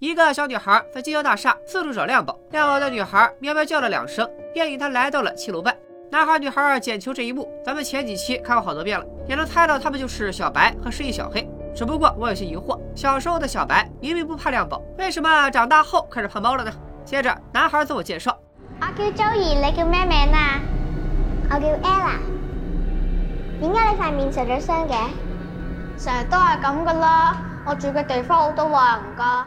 一個小女孩在金宵大廈四處找亮寶，亮寶的女孩喵喵叫了兩聲，便引他來到了七樓半。男孩女孩撿球這一幕，咱們前幾期看過好多遍了，也能猜到他們就是小白和失憶小黑。只不過我有些疑惑，小時候的小白明明不怕亮寶，為什麼長大後開始怕貓了呢？接着男孩自我介紹：“我叫 Joey，你叫咩名啊？我叫 Ella。點解你塊面受咗傷嘅？成日都係咁噶啦，我住嘅地方好多壞人噶。”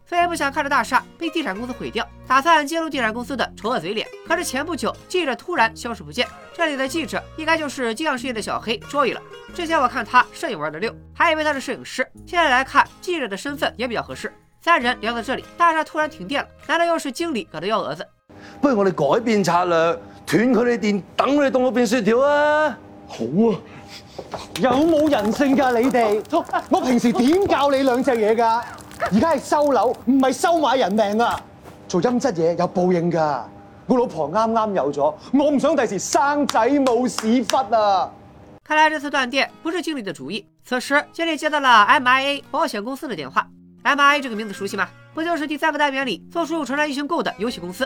也不想看着大廈被地產公司毀掉，打算揭露地產公司的醜惡嘴臉。可是前不久，記者突然消失不見。這裡的記者應該就是鏡像世界的小黑 Joy 了。之前我看他攝影玩的六，還以為他是攝影師。現在來看，記者的身份也比較合適。三人聊到這裡，大廈突然停電了。難道又是經理搞的幺蛾子？不如我哋改變策略，斷佢哋電，等佢哋凍到變雪條啊！好啊，有冇有人性噶、啊？你哋，我平時點教你兩隻嘢噶？而家係收樓，唔係收買人命啊！做陰質嘢有報應噶。我老婆啱啱有咗，我唔想第時生仔冇屎忽啊！看來這次斷電不是經理的主意。此時，經理接到了 MIA 保險公司的電話。MIA 這個名字熟悉嗎？不就是第三個單元裏做出入傳染英雄的遊戲公司？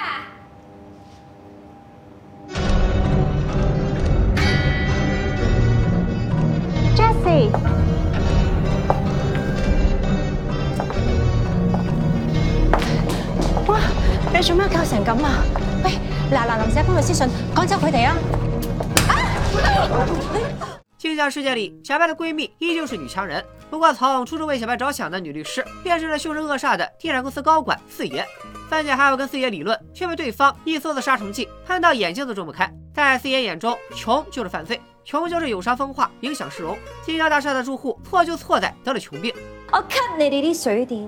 點樣搞成咁啊？喂，嗱嗱臨寫封律師信趕走佢哋啊！啊！鏡像世界裏，小白的閨蜜依舊是女強人，不過從初初為小白着想的女律師，變成了凶神惡煞的地產公司高管四爺。三姐還要跟四爺理論，卻被對方一梭子殺蟲劑噴到眼睛都睜不開。在四爺眼中，窮就是犯罪，窮就是有傷風化，影響市容。金宵大廈的住戶錯就錯在得了窮病。我 cut 你哋啲水電。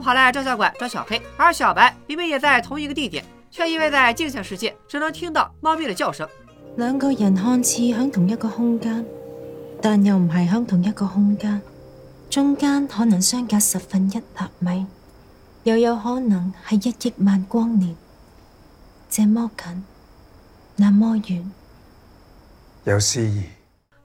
跑嚟照相館找小黑，而小白明明也在同一個地點，卻因為在鏡像世界，只能聽到貓咪的叫聲。兩個人看似喺同一個空間，但又唔係喺同一個空間，中間可能相隔十分一納米，又有可能係一億萬光年。這麼近，那麼遠，有詩意。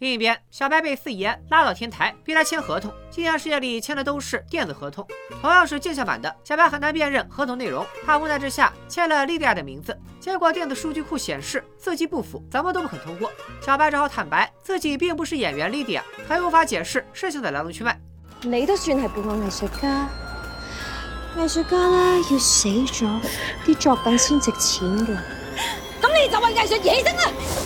另一邊，小白被四爺拉到天台，逼他簽合同。鏡像世界裏簽的都是電子合同，同樣是鏡像版的，小白很難辨認合同內容。他無奈之下簽了莉迪亞的名字，結果電子數據庫顯示字迹不符，怎麼都不肯通過。小白只好坦白自己並不是演員莉迪亞，還無法解釋事情的來龍去脈。你都算係半個藝術家，藝術家啦，要死咗，啲作品先值錢嘅。咁你就為藝術而犧牲啦。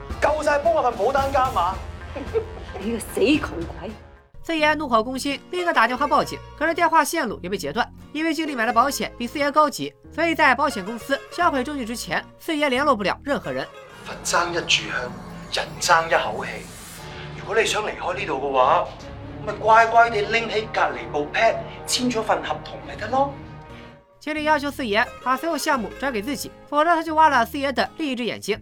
夠晒幫我份保單加碼，你個死窮鬼！四爺怒火攻心，立刻打電話報警，可是電話綫路也被截斷。因為經理買了保險比四爺高級，所以在保險公司銷毀證據之前，四爺聯絡不了任何人。佛爭一炷香，人爭一口氣。如果你想離開呢度嘅話，咪乖乖地拎起隔籬部 pad 簽咗份合同咪得咯。經理要求四爺把所有項目轉給自己，否則他就挖了四爺的另一隻眼睛。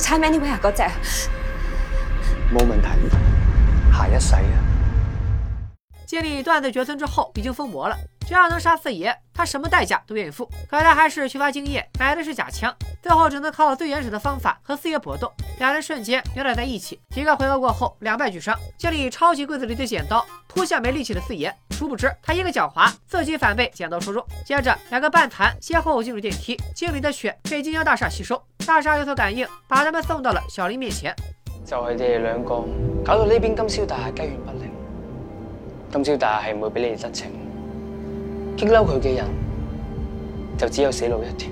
猜咩嘢啊？嗰隻冇問題，下一世啊！建立斷子絕孫之後，已經瘋魔了。只要能殺四爺，他什麼代價都願意付。可他還是缺乏經驗，買的是假槍，最後只能靠最原始的方法和四爺搏鬥。兩人瞬間扭打在一起，幾個回合過後，兩敗俱傷。建立抄起櫃子裏的剪刀，撲向沒力氣的四爺。殊不知，他一個狡猾，自己反被剪刀戳中。接着，兩個半壇先後進入電梯，經理的血被金宵大廈吸收，大廈有所感應，把他們送到了小林面前。就係你哋兩個搞到呢邊金宵大廈雞犬不寧，金宵大廈係唔會畀你哋得逞，激嬲佢嘅人就只有死路一條。